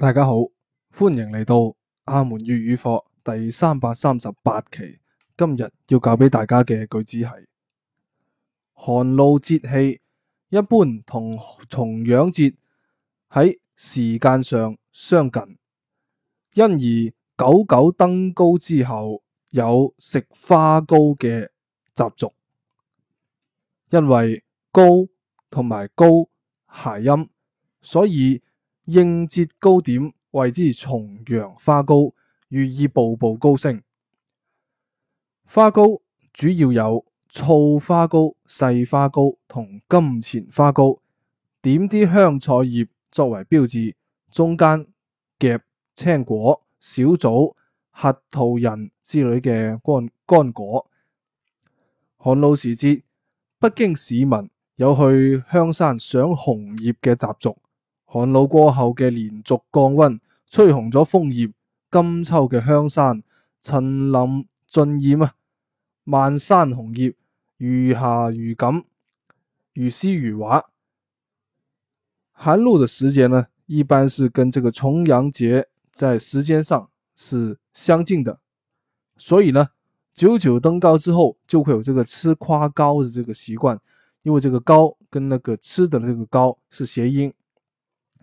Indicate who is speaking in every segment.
Speaker 1: 大家好，歡迎嚟到阿門粵語課第三百三十八期。今日要教俾大家嘅句子係：寒露節氣一般同重陽節喺時間上相近，因而九九登高之後有食花糕嘅習俗。因為高同埋糕諧音，所以應節糕點謂之重陽花糕，寓意步步高升。花糕主要有糙花糕、細花糕同金錢花糕，點啲香菜葉作為標誌，中間夾青果、小棗、核桃仁之類嘅乾乾果。寒露時節，北京市民有去香山賞紅葉嘅習俗。寒露過後嘅連續降溫，吹紅咗楓葉，金秋嘅香山，層林盡染啊！漫山紅葉，如霞如錦，如詩如畫。寒露嘅時節呢，一般是跟這個重陽節在時間上是相近的，所以呢，九九登高之後，就會有這個吃花糕嘅這個習慣，因為這個高跟那個吃的這個糕是諧音。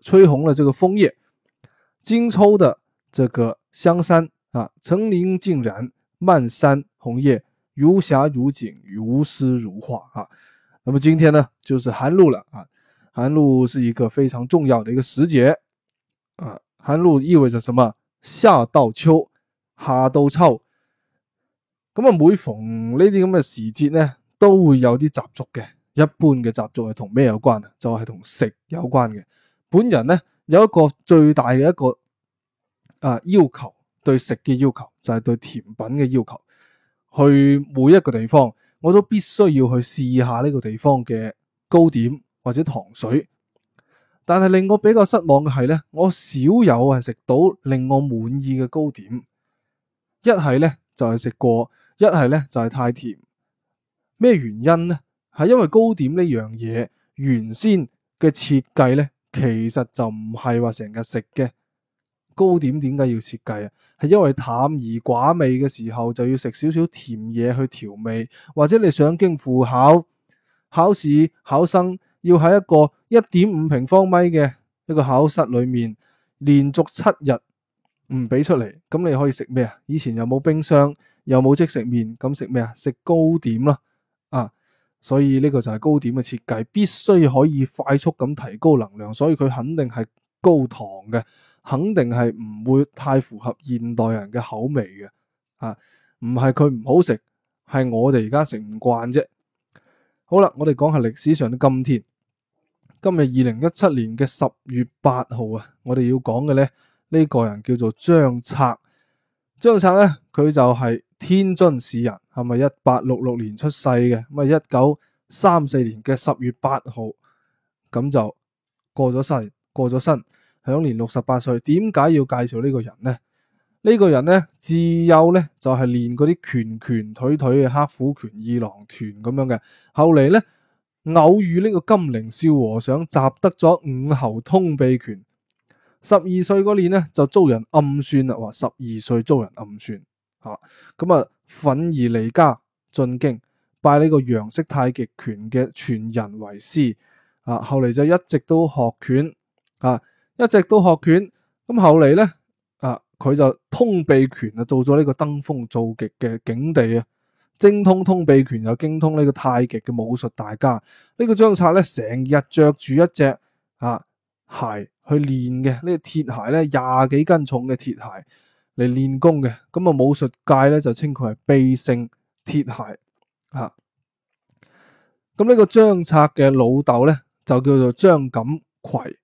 Speaker 1: 吹紅了這個楓葉，金秋的這個香山啊，層林盡染，漫山紅葉如霞如景，如詩如畫啊。那麼今天呢，就是寒露了啊。寒露是一個非常重要的一個時節啊。寒露意味着什麼？夏到秋，夏到秋。咁啊，每逢呢啲咁嘅時節呢，都會有啲習俗嘅。一般嘅習俗係同咩有關啊？就係同食有關嘅。本人呢，有一個最大嘅一個啊、呃、要求，對食嘅要求就係、是、對甜品嘅要求。去每一個地方，我都必須要去試下呢個地方嘅糕點或者糖水。但係令我比較失望嘅係呢，我少有係食到令我滿意嘅糕點。一係呢，就係、是、食過，一係呢，就係、是、太甜。咩原因呢？係因為糕點呢樣嘢原先嘅設計呢。其實就唔係話成日食嘅糕點點解要設計啊？係因為淡而寡味嘅時候就要食少少甜嘢去調味，或者你上京赴考考試考生要喺一個一點五平方米嘅一個考室裡面連續七日唔俾出嚟，咁你可以食咩啊？以前又冇冰箱，又冇即食麵，咁食咩啊？食糕點囉～所以呢個就係糕點嘅設計，必須可以快速咁提高能量，所以佢肯定係高糖嘅，肯定係唔會太符合現代人嘅口味嘅。啊，唔係佢唔好食，係我哋而家食唔慣啫。好啦，我哋講下歷史上嘅今天，今日二零一七年嘅十月八號啊，我哋要講嘅咧呢個人叫做張策，張策咧佢就係、是。天津市人係咪一八六六年出世嘅，咁啊一九三四年嘅十月八號，咁就過咗世，過咗身，享年六十八歲。點解要介紹呢個人呢？呢、這個人呢自幼呢就係、是、練嗰啲拳拳腿腿嘅黑虎拳二郎團咁樣嘅。後嚟呢偶遇呢個金陵少和尚，習得咗五猴通臂拳。十二歲嗰年呢就遭人暗算啦，話十二歲遭人暗算。咁啊，憤而離家進京，拜呢個楊式太極拳嘅傳人為師啊，後嚟就一直都學拳啊，一直都學拳。咁後嚟咧啊，佢、啊、就通臂拳啊，做咗呢個登峰造極嘅境地啊，精通通臂拳又精通呢個太極嘅武術，大家、這個、張呢個張策咧成日着住一隻啊鞋去練嘅、這個、呢個鐵鞋咧廿幾斤重嘅鐵鞋，嚟練功嘅，咁啊武術界咧就稱佢係臂聖鐵鞋啊！咁呢個張策嘅老豆咧就叫做張錦葵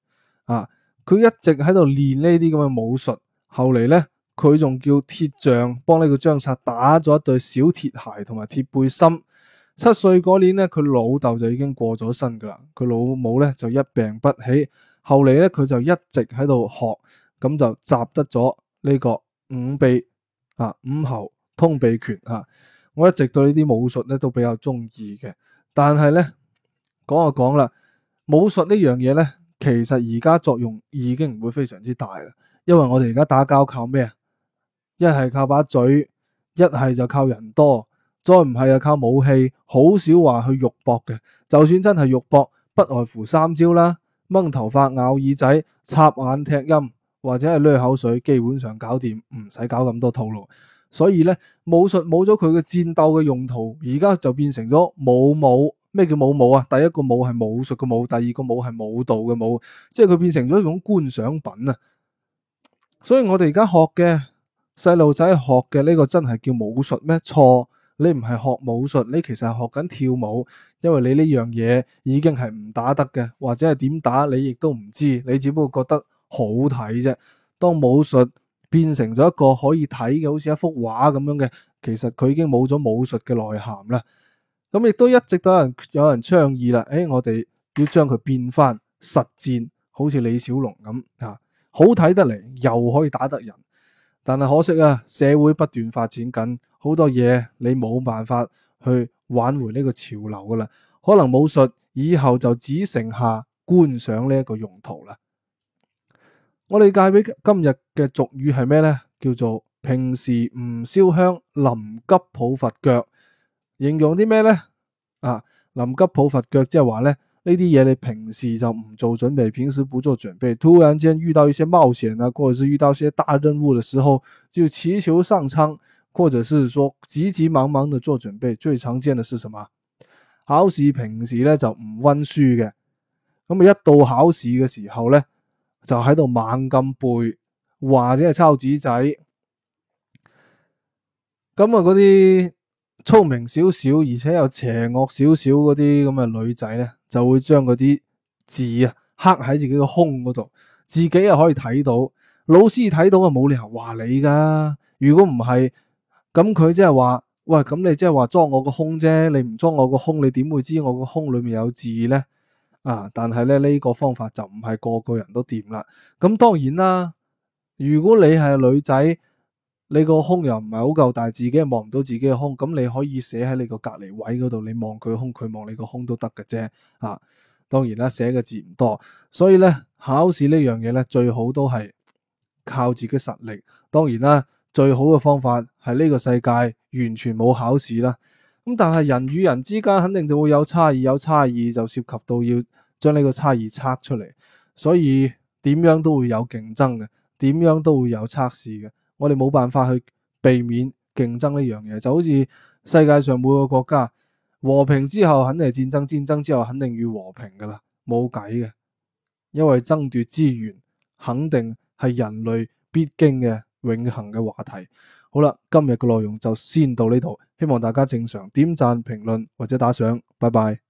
Speaker 1: 啊，佢一直喺度練呢啲咁嘅武術。後嚟咧佢仲叫鐵匠幫呢個張策打咗一對小鐵鞋同埋鐵背心。七歲嗰年咧，佢老豆就已經過咗身噶啦，佢老母咧就一病不起。後嚟咧佢就一直喺度學，咁就習得咗呢、這個。五臂啊，五猴通臂拳啊，我一直對呢啲武術咧都比較中意嘅。但係咧講就講啦，武術呢樣嘢咧，其實而家作用已經唔會非常之大啦。因為我哋而家打交靠咩啊？一係靠把嘴，一係就靠人多，再唔係就靠武器。好少話去肉搏嘅，就算真係肉搏，不外乎三招啦：掹頭髮、咬耳仔、插眼、踢陰。或者係攞口水，基本上搞掂，唔使搞咁多套路。所以咧，武術冇咗佢嘅戰鬥嘅用途，而家就變成咗舞武，武。咩叫舞武啊？第一個武係武術嘅武，第二個武係舞蹈嘅舞，即係佢變成咗一種觀賞品啊！所以我哋而家學嘅細路仔學嘅呢個真係叫武術咩？錯，你唔係學武術，你其實係學緊跳舞，因為你呢樣嘢已經係唔打得嘅，或者係點打你亦都唔知，你只不過覺得。好睇啫！當武術變成咗一個可以睇嘅，好似一幅畫咁樣嘅，其實佢已經冇咗武術嘅內涵啦。咁亦都一直都有人有人倡議啦，誒、哎，我哋要將佢變翻實戰，好似李小龍咁吓、啊，好睇得嚟，又可以打得人。但係可惜啊，社會不斷發展緊，好多嘢你冇辦法去挽回呢個潮流噶啦，可能武術以後就只剩下觀賞呢一個用途啦。我哋介俾今日嘅俗語係咩咧？叫做平時唔燒香，臨急抱佛腳。形容啲咩咧？啊，臨急抱佛腳，即係話咧呢啲嘢，你平時就唔做準備，平時不做準備，突然間遇到一些冒險啊，或者是遇到一些大任務嘅時候，就要祈求上蒼，或者是說急急忙忙地做準備。最常見嘅是什麼？考試，平時咧就唔溫書嘅，咁啊一到考試嘅時候咧。就喺度猛咁背，或者係抄紙仔。咁啊，嗰啲聰明少少，而且又邪惡少少嗰啲咁嘅女仔咧，就會將嗰啲字啊刻喺自己個胸嗰度，自己又可以睇到。老師睇到啊，冇理由話你㗎。如果唔係，咁佢即係話：喂，咁你即係話裝我個胸啫。你唔裝我個胸，你點會知我個胸裏面有字咧？啊！但係咧呢個方法就唔係個個人都掂啦。咁當然啦，如果你係女仔，你個胸又唔係好夠大，自己係望唔到自己嘅胸，咁你可以寫喺你個隔離位嗰度，你望佢胸，佢望你個胸都得嘅啫。啊，當然啦，寫嘅字唔多，所以咧考試呢樣嘢咧最好都係靠自己實力。當然啦，最好嘅方法係呢個世界完全冇考試啦。咁但係人與人之間肯定就會有差異，有差異就涉及到要將呢個差異測出嚟，所以點樣都會有競爭嘅，點樣都會有測試嘅，我哋冇辦法去避免競爭呢樣嘢，就好似世界上每個國家和平之後肯定係戰爭，戰爭之後肯定要和平噶啦，冇計嘅，因為爭奪資源肯定係人類必經嘅永恒嘅話題。好啦，今日嘅內容就先到呢度，希望大家正常點讚、評論或者打賞。拜拜。